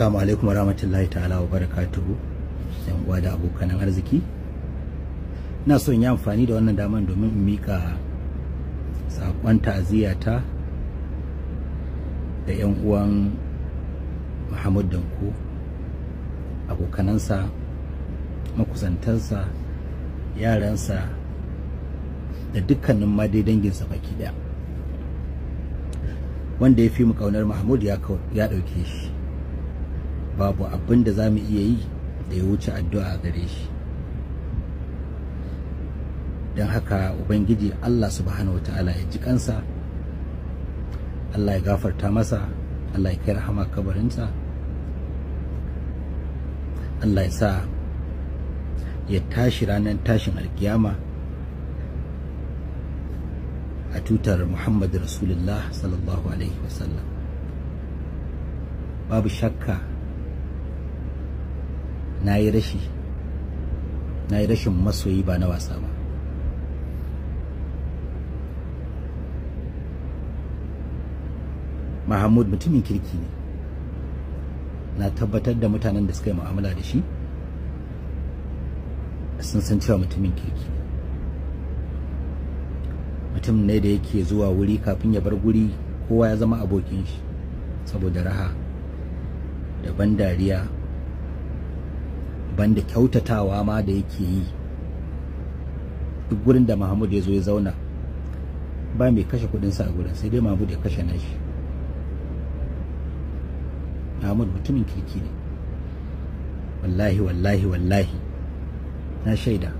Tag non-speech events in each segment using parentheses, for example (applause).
Assalamu alaikum rahmatullahi ta'ala wa barakatuhu yan uwa da abokan arziki ina son yi amfani da wannan daman domin in mika sakon ta'aziyyata da yan uwan Muhammad Danko abokanansa makusantansa yaransa da dukkanin ma dai danginsa baki daya wanda ya fi mu kaunar Mahmud ya ɗauke shi babu abin da za mu iya yi da ya wuce addu'a gare shi don haka ubangiji Allah subhanahu Ta'ala, ya ji kansa Allah ya gafarta masa Allah ya kai rahama kabarinsa Allah ya sa ya tashi ranar tashin alkiyama a tutar Muhammadu Rasulullah sallallahu alaihi wasallam babu shakka na yi rashi na yi rashin masoyi ba na wasa ba mahamud mutumin kirki ne na tabbatar da mutanen da suka yi mu'amala da shi sun san cewa mutumin kirki mutum ne da yake zuwa wuri kafin ya bar guri kowa ya zama abokin shi saboda raha da ban dariya banda kyautatawa ma da yake yi duk gurin da Mahmud ya zo ya zauna ba mai kashe kudin sa a gurin sai dai Mahmud ya kashe nashi Mahmud mutumin kirki ne wallahi wallahi wallahi na shaida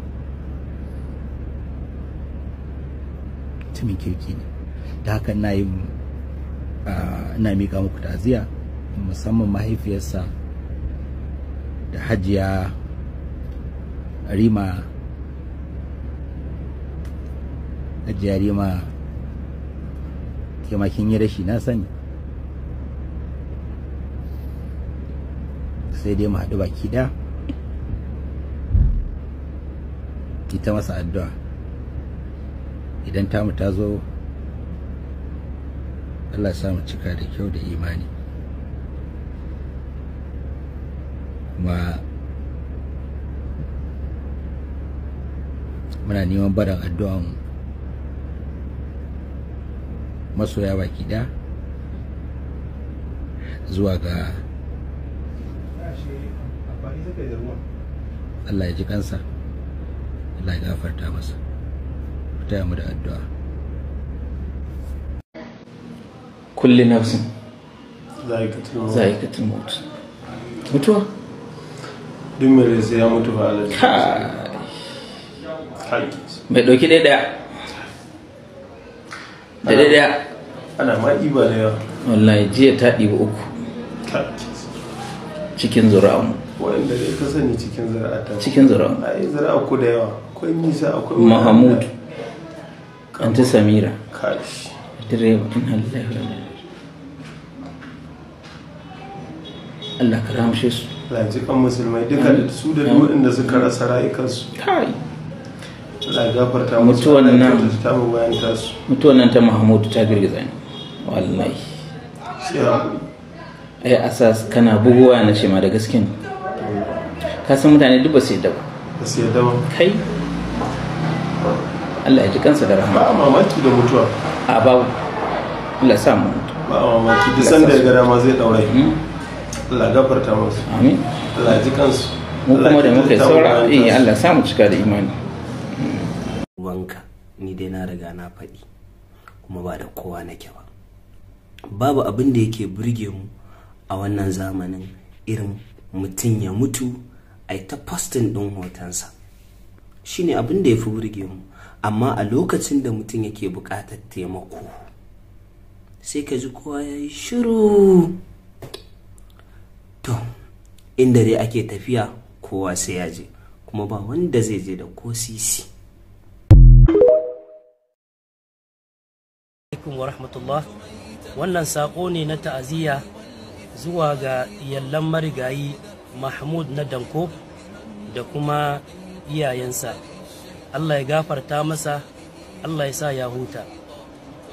mutumin kirki ne da hakan na yi ah, na miƙa muku ta'aziyya musamman mahaifiyarsa da hajiya rima hajiya rima ke makin yi rashi na sani sai dai mu haɗu baki ɗaya ki masa addu'a idan tamu ta zo Allah sa mu cika da kyau da imani kuma muna neman barin addu'an masoya baki ɗaya zuwa ga Allah ya ji kansa Allah ya gafarta masa ta taya mu da addu'a kulli nafsin za'iqatul maut mutuwa duk mai sai ya mutu ba alaji mai ɗauki ɗaya ɗaya ɗaya ta ɗiba uku cikin mu. wanda dai ka sani cikin zura'a ta cikin ai zura'a da yawa akwai nisa akwai mahamud anta samira kashi direba in Allah ka ramshe su lajikan musulmai duka da su da duk da suka rasa rayukansu Allah gafarta musu mutuwan nan ta mahamudu ta girgiza ni wallahi ai asas kana buguwa na shema da gaskin kasan mutane duk ba su yadda ba kai Allah ya ji kansa da rahama ba mamaki da mutuwa a babu Allah sa mu ba mamaki duk sanda ya ga dama zai daure hmm? Allah gafarta musu amin Allah ji kansu mu kuma da muka saura eh Allah sa mu cika da imani wanka ni dai na riga na faɗi kuma ba da kowa nake ba babu abin da yake burge mu a wannan zamanin irin mutum ya mutu a ta postin ɗin hotonsa shine abin da ya fi burge mu amma a lokacin da mutum yake buƙatar taimako sai ka ji kowa ya yi shiru to inda dai ake tafiya kowa sai ya je kuma ba wanda zai je da ko sisi alaikum rahmatullah wannan saƙo ne na ta'aziyya zuwa ga yallan marigayi mahmud na danko da kuma iyayensa allah ya gafarta masa allah ya sa ya huta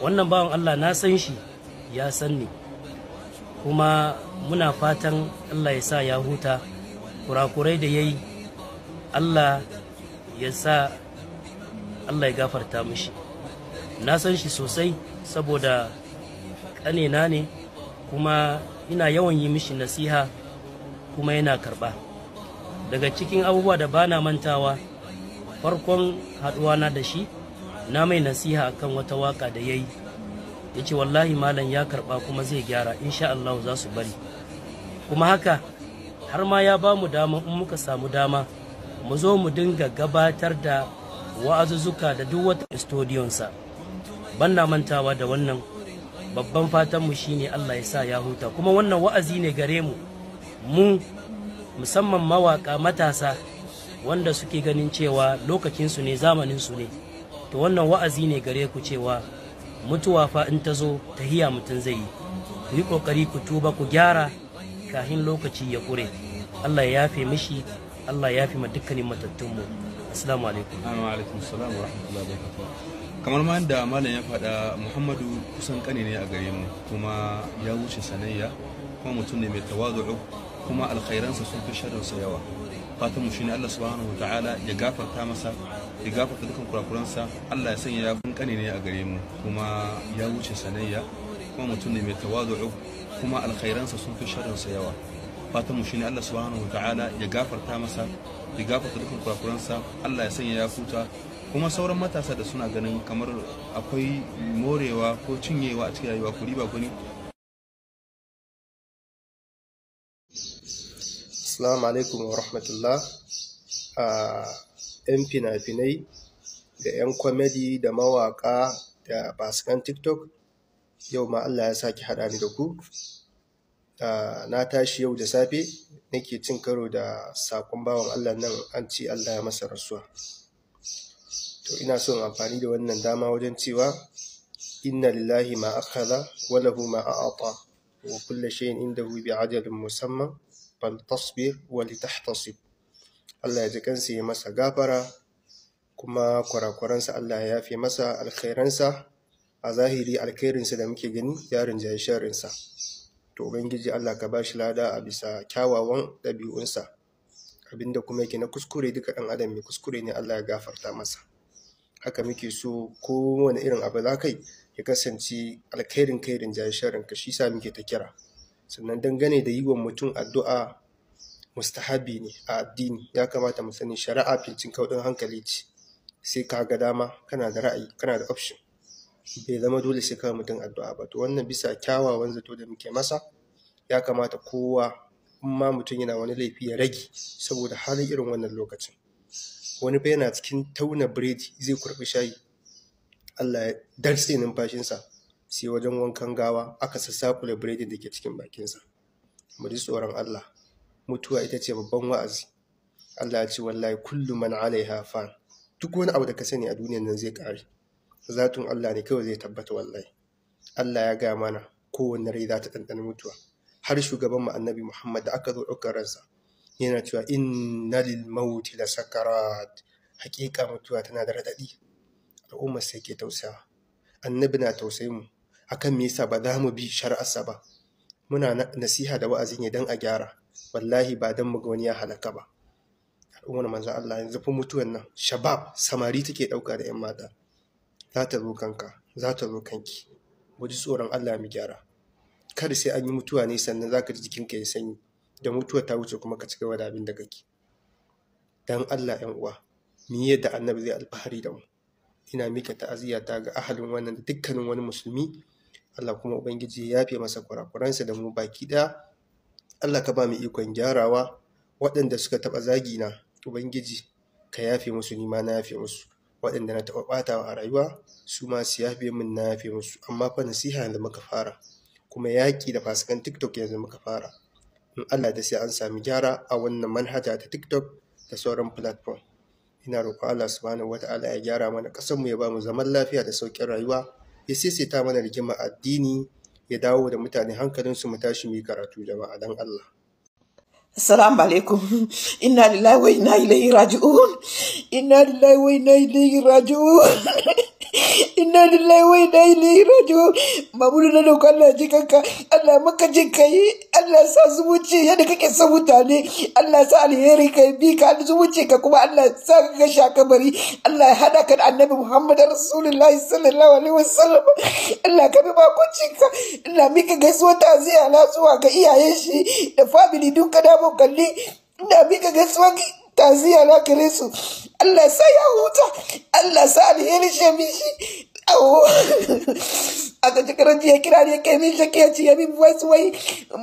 wannan bawan allah na san shi ya san ni kuma muna fatan allah ya sa ya huta kurakurai da ya yi allah ya sa allah ya gafarta mushi na san shi sosai saboda ƙanena ne kuma ina yawan yi mishi nasiha kuma yana karɓa daga cikin abubuwa da bana mantawa farkon haɗuwana da shi na mai nasiha akan wata waka da ya yi ya ce wallahi malam ya karba kuma zai gyara insha Allah za su bari kuma haka har ma ya ba mu dama in muka samu dama mu zo mu dinga gabatar da wa'azuzuka da duk wata studiyonsa ban na mantawa da wannan babban fatan mu shine Allah ya sa ya huta kuma wannan wa'azi ne gare mu mu musamman mawaka matasa wanda suke ganin cewa lokacinsu ne zamaninsu ne to wannan wa'azi ne gare ku cewa mutuwa fa in ta zo hiya mutum zai yi ku yi kokari ku tuba ku gyara kahin lokaci ya kure Allah ya yafe mishi Allah ya fi ma matattun mu assalamu alaikum wa alaikum assalam wa rahmatullahi wa barakatuh kamar ma yadda malam ya faɗa Muhammadu kusan kane ne a gare mu kuma ya wuce sanayya kuma mutum ne mai tawazu kuma alkhairansa sun fi sharrinsa yawa fatan mu shine Allah subhanahu wa ta'ala ya gafarta masa ya gafarta dukkan kurakuransa Allah ya sanya ya kankane ne a gare mu kuma ya wuce sanayya kuma mutum ne mai tawazu kuma alkhairansa sun fi sharrinsa yawa fatan mu shine Allah subhanahu ta'ala ya gafarta masa ya gafarta dukkan kurakuransa Allah ya sanya ya futa kuma sauran matasa da suna ganin kamar akwai morewa ko cinyewa a cikin rayuwa ku riba kuni ne alaikum wa rahmatullah ah, 'yan fina-finai da 'yan kwamedi da mawaƙa da basikan tiktok yau ma Allah ya sake haɗa ni da ku na tashi yau da safe nake cin karo da saƙon bawan Allah nan an ce Allah ya masa rasuwa to ina so in amfani da wannan dama wajen cewa inna lillahi ma akhadha wa lahu ma a'ata wa kullu shay'in indahu bi ajalin musamman fal tasbir wa Allah ya ji kansa yi masa gafara kuma kurakuransa Allah ya yafe masa alkhairansa a zahiri alkhairinsa da muke gani yarin jayi sharinsa to ubangiji Allah ka bashi lada a bisa kyawawan ɗabi'unsa abinda kuma yake na kuskure duka ɗan adam mai kuskure ne Allah ya gafarta masa haka muke so kowane irin abu za kai ya kasance alkhairin kairin jayi sharinka shi sa muke ta kira sannan dangane da yi wa mutum addu'a mustahabi ne a addini ya kamata mu sani shari'a fincin kaudin hankali ce sai ka ga dama kana da ra'ayi kana da option bai zama dole sai kawai mutum addu'a ba to wannan bisa kyawawan zato da muke masa ya kamata kowa in ma mutum yana wani laifi ya rage saboda halin irin wannan lokacin wani bai yana cikin tauna biredi zai kurbi shayi Allah ya darse numfashinsa sai wajen wankan gawa aka sassafula biredin da ke cikin bakinsa mu ji tsoron Allah mutuwa ita ce babban wa'azi Allah ya ce wallahi kullu man alaiha fan duk wani abu da ka sani a duniyar nan zai kare zatun Allah ne kawai zai tabbata wallahi Allah ya ga mana kowanne rai za ta ɗanɗana mutuwa har shugaban mu annabi Muhammad da aka zo ɗaukar ransa yana cewa inna lil mauti la sakarat haƙiƙa mutuwa tana da raɗaɗi al'ummar sai ke tausayawa annabi na tausayin mu akan me yasa ba za mu bi shari'arsa ba muna nasiha da wa'azi ne don a gyara wallahi ba dan muga wani ya halaka ba al'ummar manzan Allah yanzu fi mutuwan nan shabab samari take ɗauka da yan mata za ta zo kanka za ta zo kanki Waje tsoron Allah mu gyara kada sai an yi mutuwa ne sannan za ka ji jikinka ya sanyi da mutuwa ta wuce kuma ka ci gaba da abin da kake dan Allah yan uwa ni yadda annabi zai alfahari da mu ina mika ta'aziyya ta ga ahalin wannan dukkanin wani musulmi Allah kuma ubangiji ya yafe masa kurakuransa da mu baki daya Allah ka ba mu ikon gyarawa waɗanda suka taɓa zagi na Ubangiji ka yafe musu ni ma na yafe musu waɗanda na taɓa ɓatawa a rayuwa su ma su yafe min na yafe musu amma fa nasiha yanzu muka fara kuma yaƙi da fasikan TikTok yanzu muka fara in Allah da sai an sami gyara a wannan manhaja ta TikTok da sauran platform ina roƙo Allah subhanahu wata'ala ya gyara mana ƙasar mu ya ba mu zaman lafiya da sauƙin rayuwa ya sisita mana rigima addini ya dawo da mutane hankalinsu mu tashi mu yi karatu jama'a dan Allah. Assalamu alaikum. Inna lillahi wa inna ilaihi raji'un. Inna lillahi wa inna ilaihi raji'un. (laughs) Inna lillahi wa inna ilaihi raji'un. Mamudu na dauka Allah ji kanka. Allah maka jin kai. Allah sa zumunci yadda kake son mutane. Allah sa alheri kai bi ka zumunci ka kuma Allah sa ka ga shakabari. Allah ya hada ka da Annabi Muhammad Rasulullah sallallahu alaihi wasallam. Allah ka bi bakuncin ka. Allah mika gaisuwa ta ziyara zuwa ga iyayen shi da family duka da yawo kalle ina mika gaisuwa taziya na gare su Allah sa ya huta Allah sa alheri shi mi shi (laughs) aka ji karanci ya kira ne kai min shake ya ce ya bi wasu wai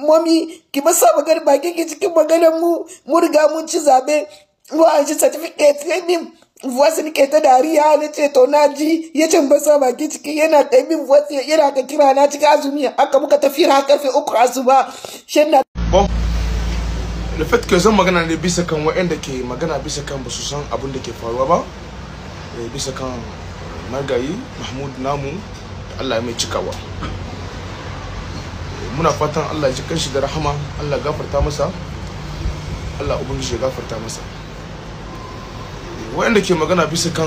mami ki sa magana bakin ki cikin maganar mu mu riga mun ci zabe wa an ci certificate ya min voice ke ta dariya na ce to na ji ya can basa baki ciki yana kai min voice yana ka kira na cika azumi aka muka tafi har karfe uku azuba shin na da fait ke zan magana ne bisa kan waɗanda ke magana bisa kan ba su san abin da ke faruwa ba bisa kan magayi mahmud namu allah mai cikawa muna fatan allah ji kanshi da rahama allah gafarta masa allah ubangiji ya gafarta masa waɗanda ke magana bisa kan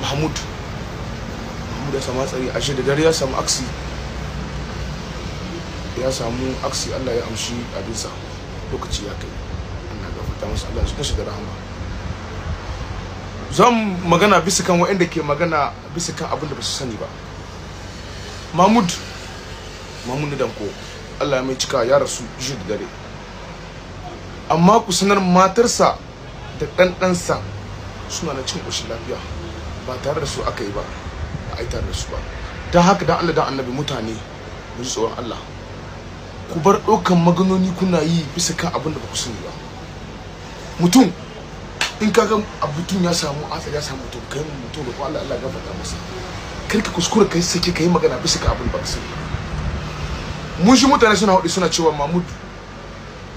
mahmud mahmud ya samu hatsari ashe da dare ya samu aksi ya samu aksi allah ya amshi abinsa lokaci ya kai Allah gafarta musu Allah ya shi da rahama zan magana bisa kan waɗanda ke magana bisa kan abin da ba su sani ba mahmud mahmud danko Allah ya mai cika ya rasu jiya da dare amma ku sanar matarsa da ɗanɗansa suna na cin ƙoshin lafiya ba tare da su aka yi ba ba a yi tare da su ba don haka don Allah da annabi mutane mu ji tsoron Allah ku bar ɗaukan maganoni kuna yi bisa kan abin da ba ku sani ba mutum in ka ga abutun ya samu atsar ya samu mutum kai mutum da ko Allah Allah gafarta masa kar ka kuskura kai sake kai magana bisa kan abin ba ku sani mun shi mutane suna hudu suna cewa Mahmud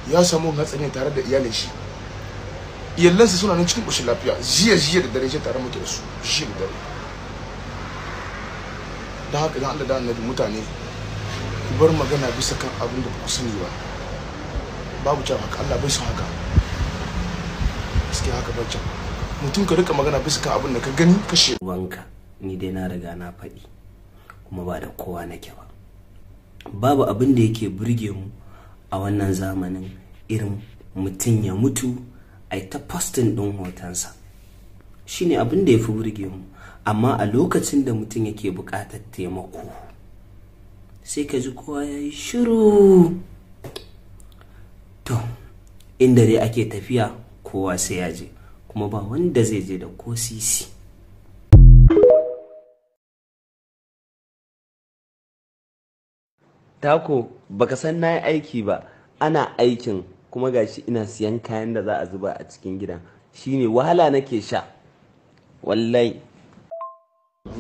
ya samu hatsari tare da iyalin shi iyalansa suna nan cikin ƙoshin lafiya jiya jiya da dare tare muke da su jiya da dare da haka idan Allah da annabi mutane bar magana bisa kan abin da ku sani ba babu can haka Allah bai san haka gaskiya haka bacin mutum ka rika magana bisa kan abin da ka gani ka she wanka ni dai na riga na faɗi kuma ba da kowa nake ba babu abin da yake burge mu a wannan zamanin irin mutum ya mutu a ta postin ɗin hotonsa shine abin da ya fi burge mu amma a lokacin da mutum yake buƙatar taimako sai ka ji kowa ya yi shiru to inda dai ake tafiya kowa sai ya je kuma ba wanda zai je da ko sisi tako baka san na yi aiki ba ana aikin kuma ga shi ina siyan kayan da za a zuba a cikin gidan shine wahala nake sha wallahi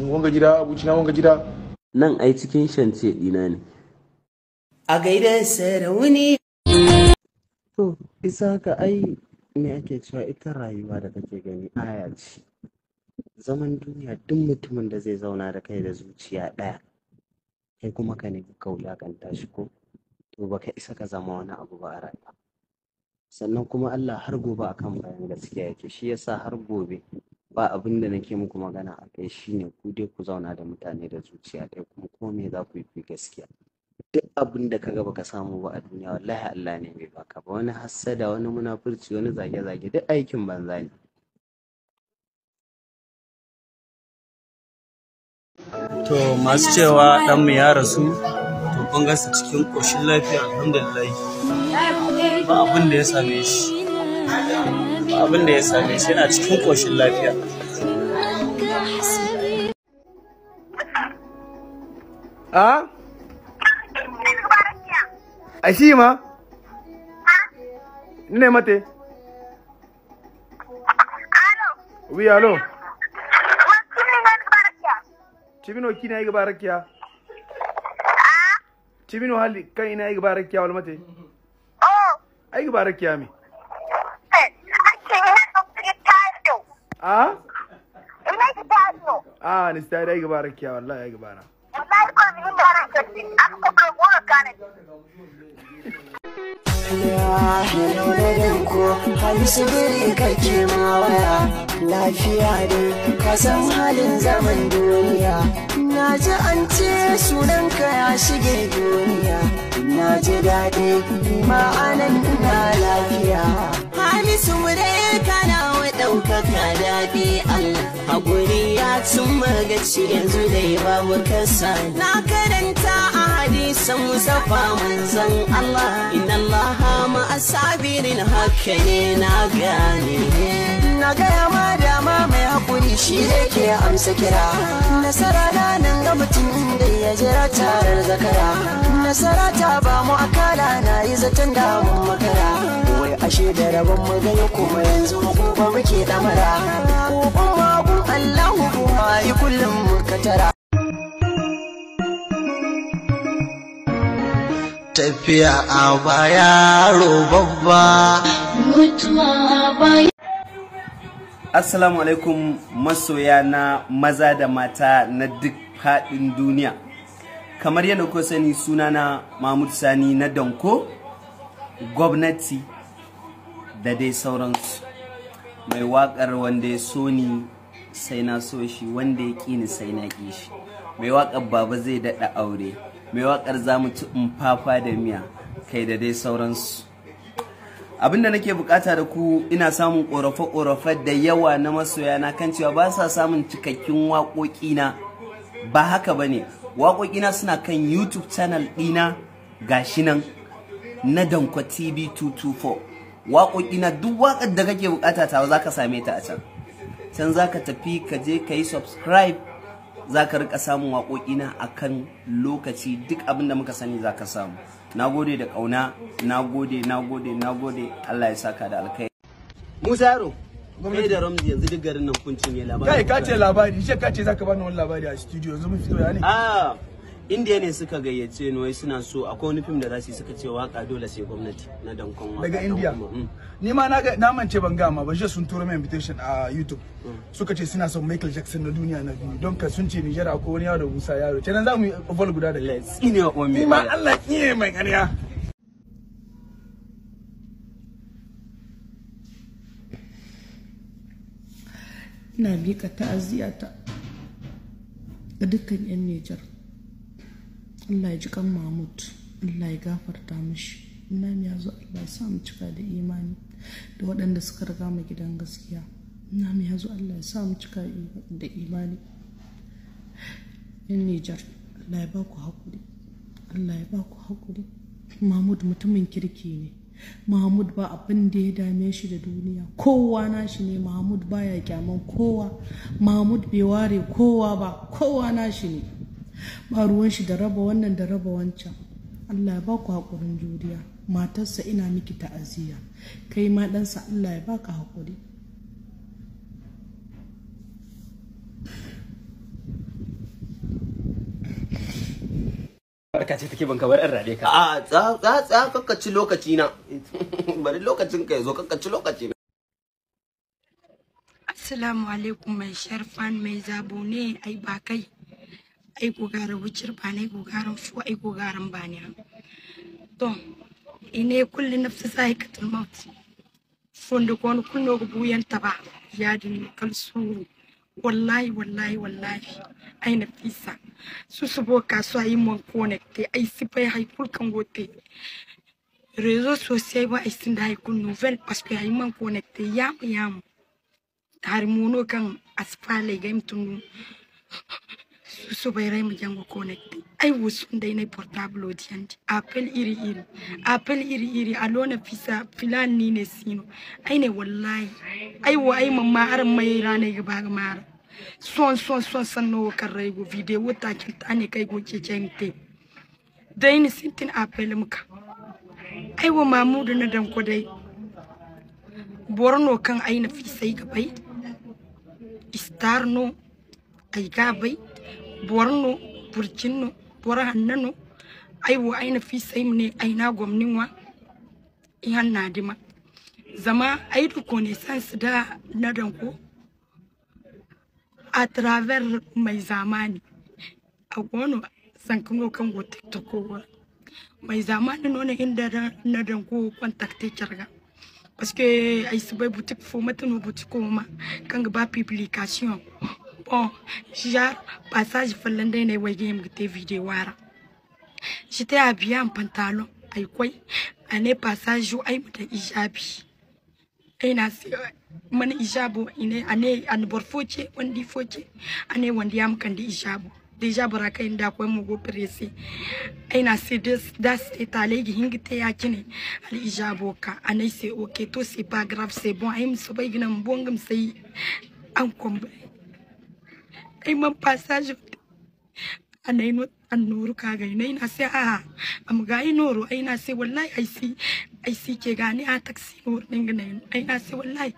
wanga gida abuci na wanga gida Nan ai cikin shance ɗina ne. A gaida sarauni. To, isa ka ai me ake cewa ita rayuwa da kake gani aya ce. Zaman duniya duk mutumin da zai zauna da kai da zuciya ɗaya. Kai kuma ka nemi ka kan tashi ko? To baka isa ka zama wani abu ba a rayuwa. Sannan kuma Allah har gobe akan bayan gaskiya yake shi yasa har gobe ba abin da nake muku magana a kai shine ku dai ku zauna da mutane da zuciya ɗaya kuma ko me za ku yi gaskiya duk abin da kaga baka samu ba a duniya wallahi Allah ne mai baka ba wani hassada wani munafurci wani zage-zage duk aikin banza ne to masu cewa ɗanmu ya rasu to kun gasa cikin koshin lafiya alhamdulillah ba abin da ya same shi abin da ya same shi yana cikin koshin lafiya a a shi ma ne mate wi alo Cibino kina yi gaba rakiya Cibino hali kan ina yi gaba rakiya wal mate oh. Ai gaba rakiya me? a ah? ina a ah, ni sta dai gaba kiya wallahi ya gabara wallahi ko ni da ran kace aka ko ko ko kana na biri kake ma waya, lafiya ne, ka san halin zaman duniya. na ji an ce sunanka ya shige duniya na ji daɗi ma'anan ina lafiya hamisu mure kana wa ɗaukaka daɗi allah haƙuri ya tun magaci yanzu dai babu kasa na karanta a hadisan musafa manzan allah inna allaha ma'asabirin haka ne na gane na gaya ma dama mai shi ne ke amsa kira nasara na nan ga mutum da ya jira tarar zakara nasara ta ba mu akala na yi zaton damun makara wai ashe da rabon mu gani kuma yanzu mu ba muke damara ko kuma kun Allahu kuma yi kullum muka katara tafiya a baya ro babba mutuwa a baya Assalamu alaikum masoya na maza da mata na duk faɗin duniya. Kamar yadda kuka sani sunana Mahmud Sani na Danko, gwamnati da dai sauransu. Mai waƙar wanda ya so ni sai na so shi, wanda ya ƙi ni sai na ƙi shi. Mai waƙar baba zai daɗa aure, mai waƙar za mu ci umfafa da miya, kai da dai sauransu. abinda nake bukata da ku ina samun korafe-korafe da yawa na masoya na kan cewa ba sa samun waƙoƙi na. ba haka ba ne waƙoƙi na suna kan youtube channel ɗina gashi nan na danko tv 224 na duk waƙar da kake bukata ta za ka same ta a can can za ka tafi ka je ka yi subscribe za ka rika samun waƙoƙi waƙoƙina akan lokaci duk abin da muka sani za ka samu na gode da kauna na gode na gode na gode Allah ya saka da alkai Musa yaro gwamnati da Ramzi yanzu duk garin nan kun cinye labari kai ka ce labari shi ka ce zaka bani wani labari a studio yanzu mun fito ya ne indiya ne suka gayyace ni wai suna so akwai wani fim da za su yi suka ce waka dole sai gwamnati na dankon waka daga indiya mm. ni ma na mance ban ga ma ba sun turo mai invitation a youtube mm. suka ce suna son michael jackson na duniya na biyu don ka sun ce niger akwai wani yawo da musa yaro kenan za mu yi vol guda da lens ne wa mai ma allah ne mai ƙarya ina miƙa ta'aziyata ga dukkan 'yan Nijar Allah ya ji kan Mahmud Allah ya gafarta mishi Imam ya zo Allah ya sa mu cika da imani da waɗanda suka riga mu gidan gaskiya Imam ya zo Allah ya sa mu cika da imani yan Nijar Allah ya ba ku hakuri Allah ya ba ku hakuri Mahmud mutumin kirki ne Mahmud ba abin da ya dame shi da duniya kowa nashi ne Mahmud baya kyaman kowa Mahmud bai ware kowa ba kowa nashi ne ba ruwan shi da raba wannan da raba wancan Allah ya baku haƙurin juriya matarsa ina miki ta'aziyya kai ma ɗansa Allah ya baka haƙuri barka ce take banka bar an rade ka a tsa tsa tsa kakkaci lokaci na bari lokacin ka yazo kakkaci lokaci na assalamu alaikum mai sharfan mai zabo ne ai ba kai aigo gara wujir ba na aigo garan fu aigo garan ba ne to ine kulli nafsi saikatul maut fonde gon kunnogo buyanta taba yadin kal suru wallahi wallahi wallahi ai nafisa su subo kasuwa yi mon connecté ai sipai hay kan gote réseaux sociaux ba ai sinda hay kun nouvelle parce que hay mon connecté yam yam tar mono kan asfale game tunu subairai mu yango connect ai wasu dai na portable odiyandi apple iri iri apple iri iri alona fisa filan ni ne sino ai ne wallahi ai wa ai mamma har mai rana ga ba ga mara son son son san no karrai go video ta kin ta ne kai go ke kente dai ni sintin apple muka ai wa mamudu na dan ko dai borno kan ai na fisa gabai istarno ai gabai borno burkinno bora hannano ai wo aina fi sai mu ne aina gwamnin wa in hanna dima zama ai duko ne sans da na danko a travers mai zamani a gono sankano kan go tiktok ko mai zamani nona inda na danko kontakte charga parce que su bai boutique fo matano boutique ma kanga ba publication jar passage fallan dai ne wai game te de wara shi ta biya am pantalon ai kwai a ne passage ai mutan ijabi ai na mana ijabu ine ane an borfoce wandi a ne wandi am kan di deja bara kai da kwai mu go presse ai na se des das te tale gi hingi te yakine al ijabu ka ane se okay to c'est pas grave c'est bon ai mu so bai gina mbongam sai an kombe ai man passage anai no annuru kaga inai na sai a am ga inoro ai na sai wallahi ai si ai si ke gani a taxi din dinga nai ai na sai wallahi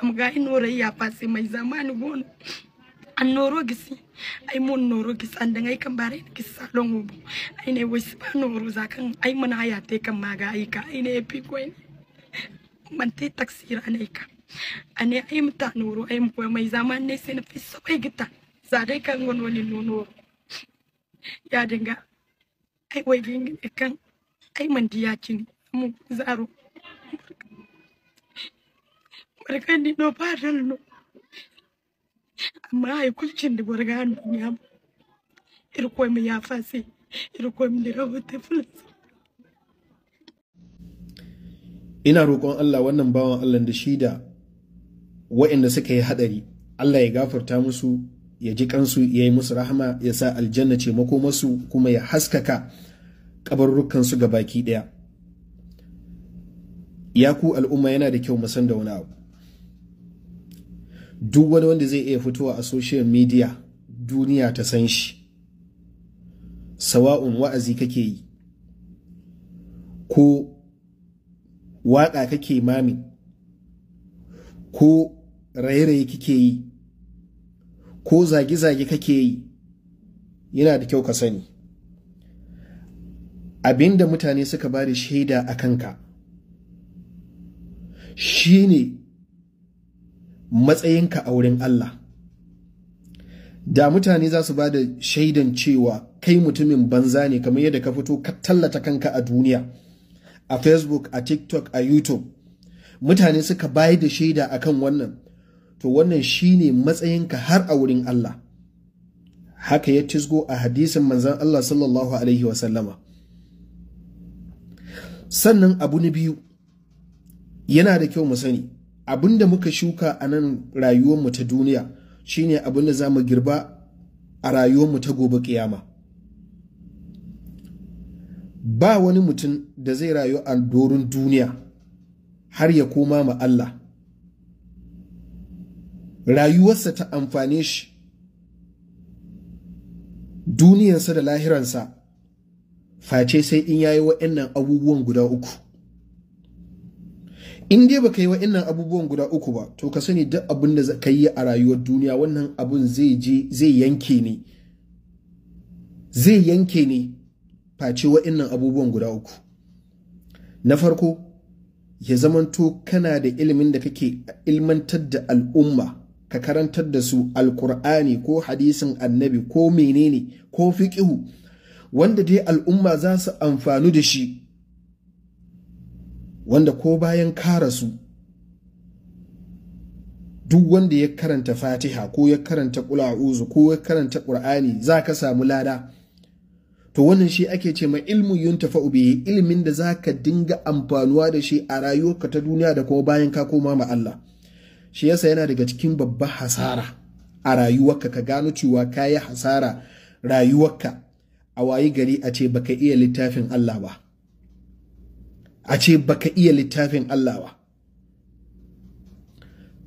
am ga inoro ya fasi mai zamani gon annoro gisi ai mun noro gisi andan ai kan bare gisi salon hobo ai ne wai ba noro zakan ai mun haya te kan maga ai ka ai ne fi koi man te taxi ranai ka ane ai mta noro ai mu mai zamani ne sai na fi sai gita zare kan gono ni nono ya dinga ai wai gingin kan ai man ya kin mu zaro barkan ni no fadan no amma ai kulcin da gurgan duniya irko mai ya fasi irko mai da rubuta ina roƙon Allah wannan bawan Allah da shida wa'inda waɗanda suka yi haɗari Allah ya gafarta musu ya ji kansu ya yi musu rahama ya sa aljanna ce makomarsu kuma ya haskaka kabarurrukansu ga baki ɗaya ya ku al'umma yana da kyau musan da wani abu duk wani wanda zai iya fitowa a social media duniya ta san shi sawa'un wa'azi kake yi ko waƙa kake mami ko raye-raye kake yi ko zage-zage kake yi yana da kyau ka sani abinda mutane suka ba da shaida a kanka Shi ne matsayinka a wurin Allah da mutane za su ba da shaidan cewa kai mutumin banza ne kamar yadda ka fito ka tallata kanka a duniya a facebook a tiktok a youtube mutane suka bayar da shaida akan wannan to wannan shine matsayinka har a wurin Allah haka ya tisgo a hadisin manzan Allah sallallahu alaihi wasallama sannan abu na biyu yana da kyau mu sani abin da muka shuka a nan rayuwarmu ta duniya shine abin da za mu girba a rayuwarmu ta gobe kiyama ba wani mutum da zai rayu a dorin duniya har ya koma ma Allah rayuwarsa ta amfane shi duniyarsa da lahiransa face sai in yayi wa'annan abubuwan guda uku in dai baka yi wa'annan abubuwan guda uku ba to ka sani duk abin da ka yi a rayuwar duniya wannan abun zai yanke ne zai yanke ne face wa'annan abubuwan guda uku na farko ya zamanto kana da ilimin da kake ilmantar da al'umma ka karantar da su alkur'ani ko hadisin annabi ko menene ko fiƙihu wanda dai al'umma za su amfanu da shi wanda ko bayan kara su duk wanda ya karanta fatiha ko ya karanta ƙula'uzu ko ya karanta ƙur'ani za ka samu lada to wannan shi ake ce ma yin tafa ubiye ilmin da za ka dinga amfanuwa da shi a rayuwarka ta duniya da kuma bayan ka koma ma Allah shi yasa yana daga cikin babban hasara a rayuwarka ka gano cewa ka yi hasara rayuwarka a wayi gari a ce baka iya littafin Allah ba a ce baka iya littafin Allah ba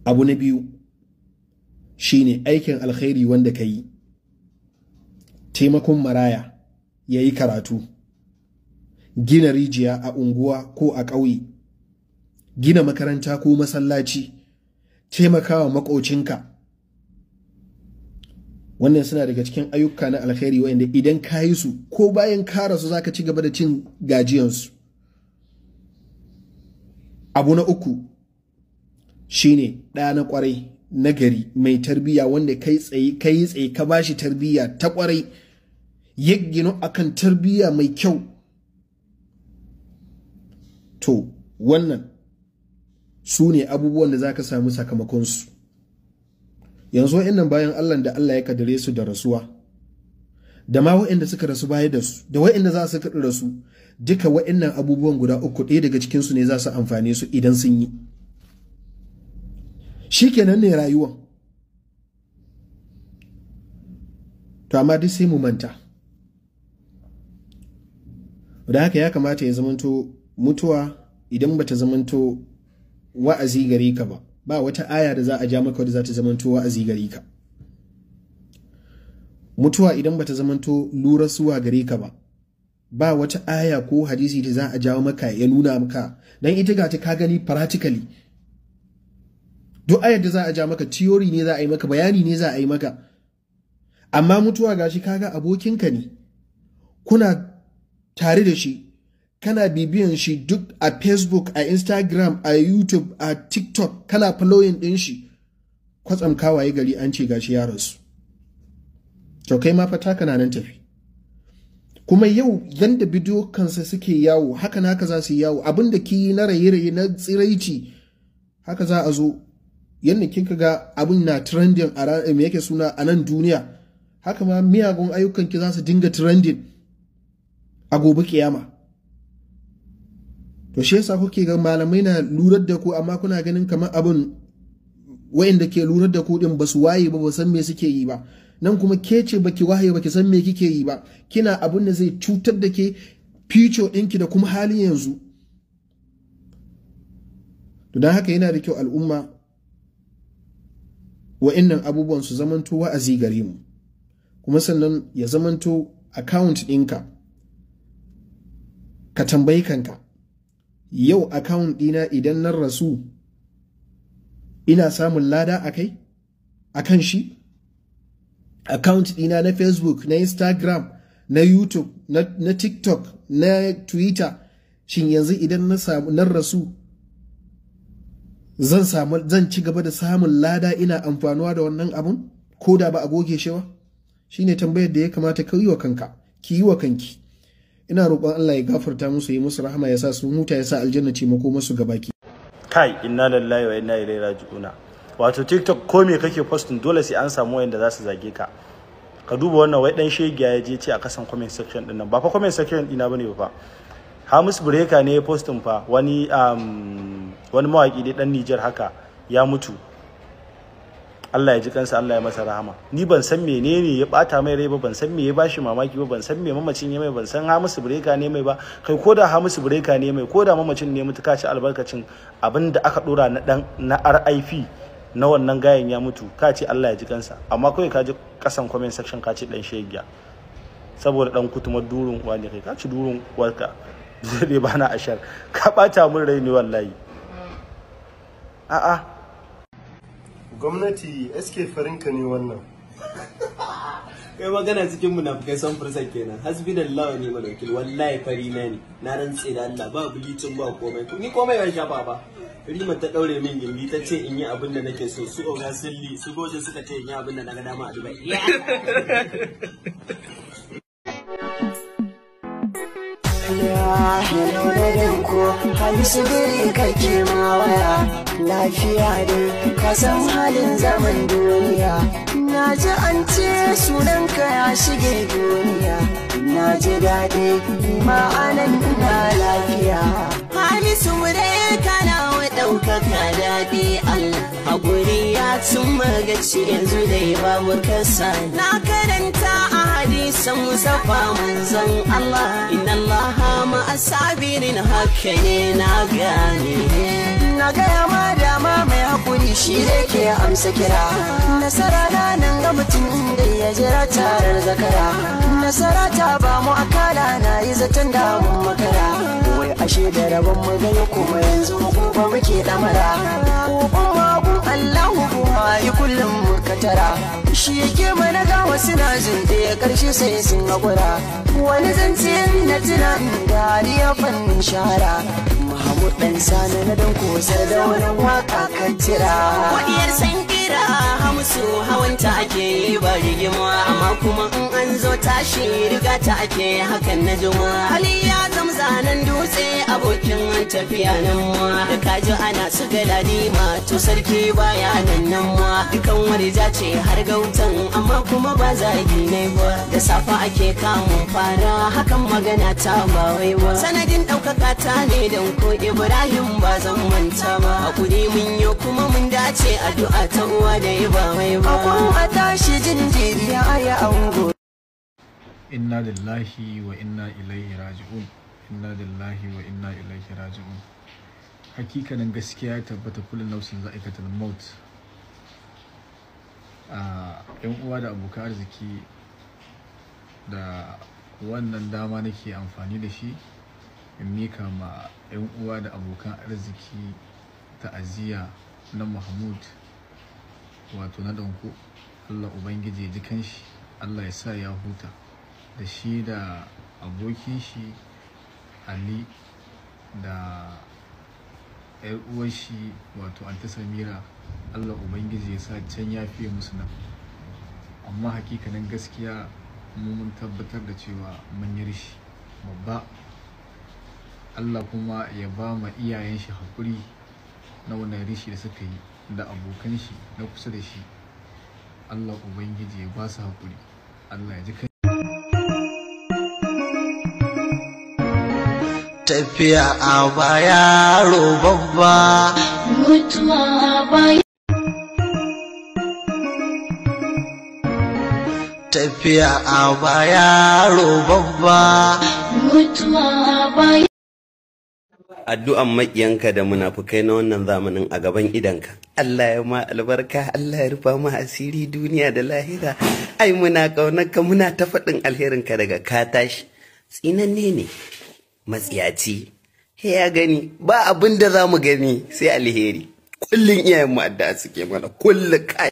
abu na biyu shine aikin alkhairi wanda ka yi taimakon maraya ya yi karatu gina rijiya a unguwa ko a ƙauye gina makaranta ko masallaci taimakawa makocinka wannan suna daga cikin ayyuka na alheri wanda idan ka yi su ko bayan ka rasu zaka ci gaba da cin gajiyansu abu na uku shine ɗa na kwarai na gari mai tarbiyya wanda kai tsaye kai tsaye ka bashi tarbiyya ta kwarai ya gino akan tarbiyya mai kyau to wannan su ne abubuwan da za ka samu sakamakonsu yanzu wa'annan bayan allah da allah ya kadare su da rasuwa da ma wa'anda suka rasu baya da su da wa'anda za su kaɗi rasu duka wa'annan abubuwan guda uku ɗaya daga cikinsu ne za su amfane su idan sun yi shi kenan ne rayuwa. to amma duk sai mu manta da haka ya kamata ya zamanto mutuwa idan bata zamanto wa'azi gare ka ba ba wata aya da za a ja maka wadda za ta zamanto wa'azi gare ka mutuwa idan bata zamanto lurasuwa gare ka ba ba wata aya ko hadisi da za a jawo maka ya nuna maka dan ita ga ta ka gani practically duk ayar da za a ja maka theory ne za a yi maka bayani ne za a yi maka amma mutuwa gashi kaga abokinka ne kuna tare da shi kana bibiyan shi duk a facebook a instagram a youtube a tiktok kana faloyin din shi kwatsam kawaye gari an ce gashi ya rasu to kai ma fa taka nan tafi kuma yau yanda bidiyo kansa suke yawo haka na haka za su yawo abin da ki na raye-raye na tsiraici haka za a zo yadda kika ga abin na trending a me yake suna a nan duniya haka ma miyagun ayyukan ki za su dinga trending a gobe kiyama to shi yasa kuke ga malamai na lurar da ku amma kuna ganin kamar abin wa'inda ke lurar da ku din ba su waye ba ba san me suke yi ba nan kuma ke ce baki waye baki san me kike yi ba kina abin da zai cutar da ke fico ɗinki da kuma halin yanzu to don haka yana da kyau al'umma wa'innan abubuwan su zamanto wa'azi gare mu kuma sannan ya zamanto account ɗinka ka tambayi kanka yau account ɗina idan nan rasu ina samun lada a kai a kan shi account ɗina na facebook na instagram na youtube na, na tiktok na twitter shin yanzu idan na samu nan rasu zan samu zan ci gaba da samun lada ina amfanuwa da wannan abun ko da ba a goge shi ba shine tambayar da ya kamata ka yi wa kanka ki yi wa kanki ina roƙon Allah ya gafarta musu yi musu rahama ya sa su huta ya sa aljanna ce mako musu gabaki kai inna lillahi wa inna ilaihi raji'una wato tiktok ko me kake posting dole sai an samu wanda za su zage ka ka duba wannan wai dan shegiya ya je ce a kasan comment section din nan ba fa comment section dina bane ba ha musu breaker ne ya postin fa wani um, wani mawaki dai dan Niger haka ya mutu Allah ya ji kansa Allah ya masa rahama ni ban san menene ya bata mai rai ba ban san me ya bashi mamaki ba ban san me mamacin ya mai ban san Hamisu Breka ne mai ba kai ko da Hamisu Breka ne mai ko mamacin ne mutu kaci albarkacin abinda aka dora na dan na RIP na wannan gayan ya mutu ka ce Allah ya ji kansa amma kawai ka ji kasan comment section ka ce dan shegiya saboda dan kutumar durun wani kai ka ci durun warka zai bana ashar ka bata mun rai ne wallahi a'a gwamnati farin farinka ne wannan (laughs) kai magana cikin munafukai san fursa kenan hasbidan lawa ne madaukin wallahi fari na ne na rantse da Allah ba bulicin ba komai ni komai ban shafa ba Rima ta daure min gindi ta ce in yi abin da nake so su oga silli su goje suka ce in yi abin da na ga dama a Dubai (laughs) ma hello da danko hamisu kake ma waya lafiya da ka san halin zaman duniya na ji an ce sunanka ya shige duniya na ji daɗi ma'anan ina lafiya halisu mure kana wa ɗaukaka daɗi allah haƙuri ya tun magaci yanzu dai babu kasa na karanta a san musafa manzan Allah inna Allah ma asabirin haka ne na gane na gaya ma dama mai hakuri shi ne ke amsa kira nasara na nan ga mutum da ya jira tarar zakara nasara ta ba mu akala na yi zaton damun makara wai ashe da rabon mu gani kuma yanzu ko gobe muke damara Allahu yi kullum muka tara shi yake mana ga wasu na ɗaya karshe sai sun haƙura wani zance na tuna dariya fannin shara, Mahmud sani na dan kosa da wani waka kan tira. kira hamsu hawanta ake yi ba rigima amma kuma in an zo tashi riga ta ake hakan na juma hali ya zama zanen dutse abokin tafiya nan ma da kaji ana su ma to sarki baya nan nan ma dukan warja ce har gautan amma kuma ba zagi ne ba da safa ake kamun fara hakan magana ta ba wai ba sanadin ɗaukaka ta ne dan ko ibrahim ba zan manta ba hakuri mun yi kuma mun dace addu'a ta kowa da ya ba mai ba tashi jin aya ango inna lillahi wa inna ilaihi raji'un inna lillahi wa inna ilaihi raji'un hakikanin gaskiya ya tabbata kullum nausin za'ikatul maut a yan uwa da abokan arziki da wannan dama nake amfani da shi in mika ma yan uwa da abokan arziki ta aziya na mahmud wato na danko allah ubangiji ya ji kanshi allah ya sa ya huta da shi da abokin shi ali da yar uwar shi wato anti samira allah ubangiji ya sa can ya fiye musu nan amma hakikanin gaskiya mun tabbatar da cewa mun yi rishi babba allah kuma ya ba ma iyayen shi haƙuri na wannan rishi da suka yi da abokan shi na kusa da shi Allah Ubangiji ya ba su haƙuri Allah ya ji kai tafiya a baya babba mutuwa a baya tafiya a baya babba mutuwa a baya addu'an maƙiyanka da munafukai na wannan zamanin a gaban idanka Allah ya ma albarka Allah ya rufa ma asiri duniya da lahira ai muna ƙaunarka muna ta faɗin alherinka daga ka tashi tsinanne ne matsiyaci he ya gani ba abin da za mu gani sai alheri kullum iyayen mu addu'a suke mana kullum